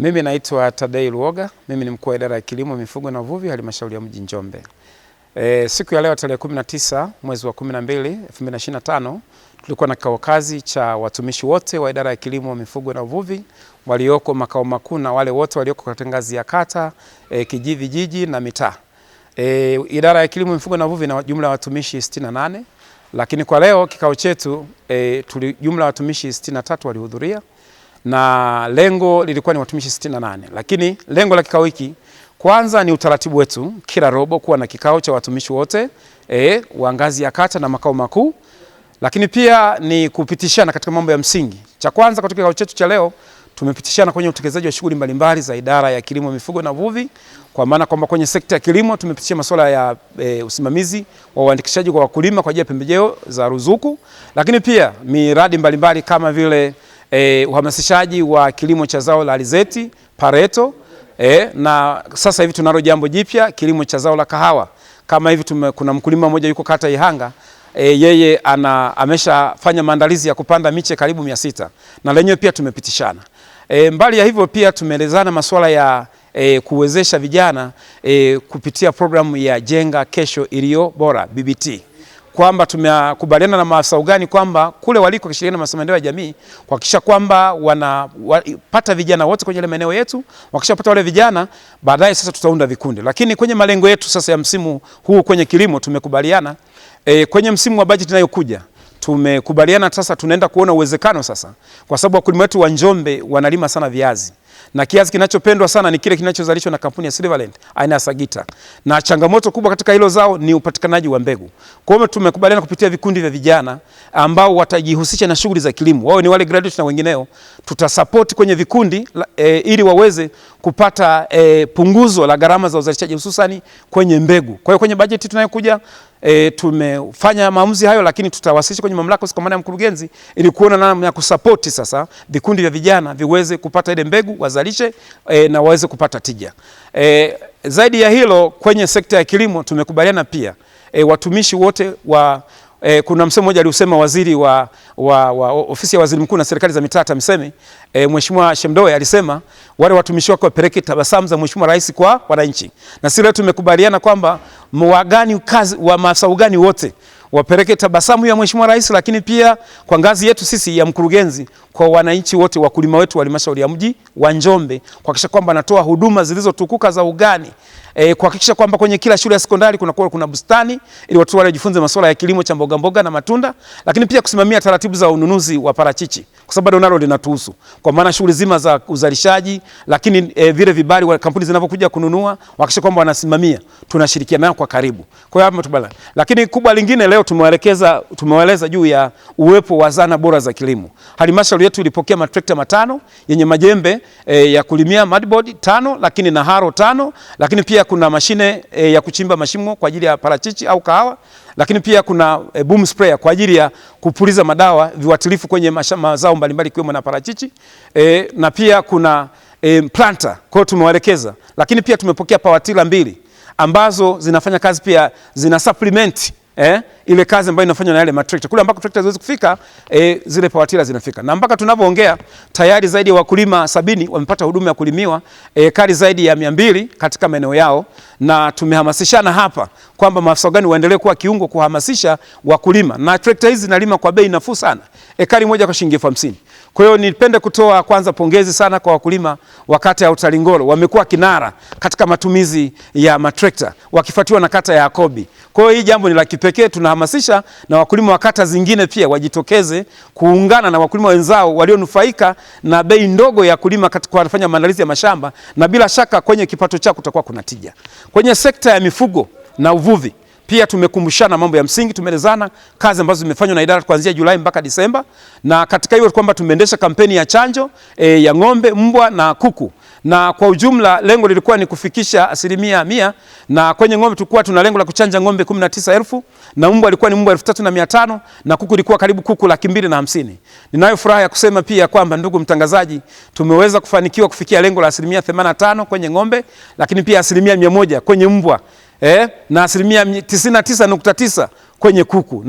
Mimi naitwa Tadei Luoga, mimi ni mkuu wa idara ya kilimo, mifugo na uvuvi halmashauri ya mji Njombe. E, siku ya leo tarehe 19 mwezi wa 12 2025 tulikuwa na kikao kazi cha watumishi wote wa idara ya kilimo, mifugo na uvuvi walioko makao makuu na wale wote walioko katika ngazi ya kata, e, kijiji, vijiji na mitaa. E, idara ya kilimo, mifugo na uvuvi na jumla ya watumishi 68 lakini kwa leo kikao chetu e, tuli jumla ya watumishi 63 walihudhuria na lengo lilikuwa ni watumishi 68 lakini lengo la kikao hiki kwanza ni utaratibu wetu kila robo kuwa na kikao cha watumishi wote e, wa ngazi ya kata na makao makuu, lakini pia ni kupitishana katika mambo ya msingi. Cha kwanza katika kikao chetu cha leo tumepitishana kwenye utekelezaji wa shughuli mbalimbali za idara ya kilimo, mifugo na uvuvi, kwa maana kwamba kwenye sekta ya kilimo tumepitisha masuala ya e, usimamizi wa uandikishaji kwa wakulima kwa ajili ya pembejeo za ruzuku, lakini pia miradi mbalimbali kama vile eh, uhamasishaji wa kilimo cha zao la alizeti pareto e, na sasa hivi tunalo jambo jipya kilimo cha zao la kahawa. Kama hivi tume, kuna mkulima mmoja yuko kata Ihanga e, yeye ana ameshafanya maandalizi ya kupanda miche karibu mia sita na lenyewe pia tumepitishana. E, mbali ya hivyo pia tumeelezana masuala ya e, kuwezesha vijana e, kupitia programu ya Jenga Kesho Iliyo Bora BBT kwamba tumekubaliana na maafisa ugani kwamba kule waliko kishirikiana na maendeleo ya jamii kuhakikisha kwamba wanapata vijana wote kwenye maeneo yetu. Wakishapata wale vijana, baadaye sasa tutaunda vikundi. Lakini kwenye malengo yetu sasa ya msimu huu kwenye kilimo tumekubaliana e, kwenye msimu wa bajeti inayokuja tumekubaliana sasa tunaenda kuona uwezekano sasa, kwa sababu wakulima wetu wa Njombe wanalima sana viazi na kiazi kinachopendwa sana ni kile kinachozalishwa na kampuni ya Silverland aina ya Sagita, na changamoto kubwa katika hilo zao ni upatikanaji wa mbegu. Kwa hiyo tumekubaliana kupitia vikundi vya vijana ambao watajihusisha na shughuli za kilimo, wao ni wale graduate na wengineo, tutasupport kwenye vikundi e, ili waweze kupata e, punguzo la gharama za uzalishaji hususani kwenye mbegu. Kwa hiyo kwenye bajeti tunayokuja E, tumefanya maamuzi hayo, lakini tutawasilisha kwenye mamlaka kwa maana ya mkurugenzi, ili kuona namna ya kusapoti sasa vikundi vya vijana viweze kupata ile mbegu wazalishe e, na waweze kupata tija e. Zaidi ya hilo, kwenye sekta ya kilimo tumekubaliana pia e, watumishi wote wa E, kuna msemo mmoja aliusema waziri wa, wa, wa ofisi ya waziri mkuu na serikali za mitaa TAMISEMI, e, Mheshimiwa Shemdoe alisema wale watumishi wake wapeleke tabasamu za Mheshimiwa Rais kwa wananchi, na sisi leo tumekubaliana kwamba mwagani kazi wa maafisa ugani wote wapeleke tabasamu ya Mheshimiwa Rais, lakini pia kwa ngazi yetu sisi ya mkurugenzi, kwa wananchi wote, wakulima wetu wa halmashauri ya mji wa Njombe, kuhakikisha kwamba anatoa huduma zilizotukuka za ugani e, kuhakikisha kwamba kwenye kila shule ya sekondari kuna kuwa kuna bustani ili watoto wale wajifunze masuala ya kilimo cha mboga mboga na matunda, lakini pia kusimamia taratibu za ununuzi wa parachichi kwa sababu bado nalo linatuhusu, kwa maana shughuli zima za uzalishaji, lakini e, vile vibali wa kampuni zinavyokuja kununua, wahakikisha kwamba wanasimamia, tunashirikiana nao kwa karibu. Kwa hiyo hapo, lakini kubwa lingine leo leo tumewaelekeza tumewaeleza juu ya uwepo wa zana bora za kilimo. Halmashauri yetu ilipokea matrekta matano yenye majembe e, ya kulimia mudboard tano, lakini na haro tano, lakini pia kuna mashine e, ya kuchimba mashimo kwa ajili ya parachichi au kahawa, lakini pia kuna e, boom sprayer kwa ajili ya kupuliza madawa viwatilifu kwenye mazao mbalimbali ikiwemo na parachichi e, na pia kuna e, planter kwao tumewaelekeza, lakini pia tumepokea pawatila mbili ambazo zinafanya kazi pia zina supplement eh, ile kazi ambayo inafanywa na yale matrekta kule ambako trekta ziwezi kufika eh, zile pawatila zinafika, na mpaka tunavyoongea tayari zaidi ya wakulima sabini wamepata huduma ya kulimiwa ekari eh, zaidi ya mia mbili katika maeneo yao na tumehamasishana hapa kwamba maafisa ugani waendelee kuwa kiungo kuhamasisha wakulima, na trekta hizi zinalima kwa bei nafuu sana, ekari moja kwa shilingi elfu hamsini. Kwa hiyo nipende kutoa kwanza pongezi sana kwa wakulima wa kata ya Utalingolo, wamekuwa kinara katika matumizi ya matrekta wakifuatiwa na kata ya Akobi. Kwa hiyo hii jambo ni la kipekee, tunahamasisha na wakulima wa kata zingine pia wajitokeze kuungana na wakulima wenzao walionufaika na bei ndogo ya kulima katika kufanya maandalizi ya mashamba, na bila shaka kwenye kipato chao kutakuwa kuna tija. Kwenye sekta ya mifugo na uvuvi pia tumekumbushana mambo ya msingi, tumeelezana kazi ambazo zimefanywa na idara kuanzia Julai mpaka Disemba, na katika hiyo kwamba tumeendesha kampeni ya chanjo e, ya ng'ombe, mbwa na kuku, na kwa ujumla lengo lilikuwa ni kufikisha asilimia mia, na kwenye ng'ombe tulikuwa tuna lengo la kuchanja ng'ombe 19,000 na mbwa alikuwa ni mbwa 3,500 na kuku ilikuwa karibu kuku laki mbili na hamsini. Ninayo furaha ya kusema pia kwamba ndugu mtangazaji, tumeweza kufanikiwa kufikia lengo la asilimia 85 kwenye ng'ombe, lakini pia asilimia 100 kwenye mbwa eh, na asilimia 99.9 kwenye kuku.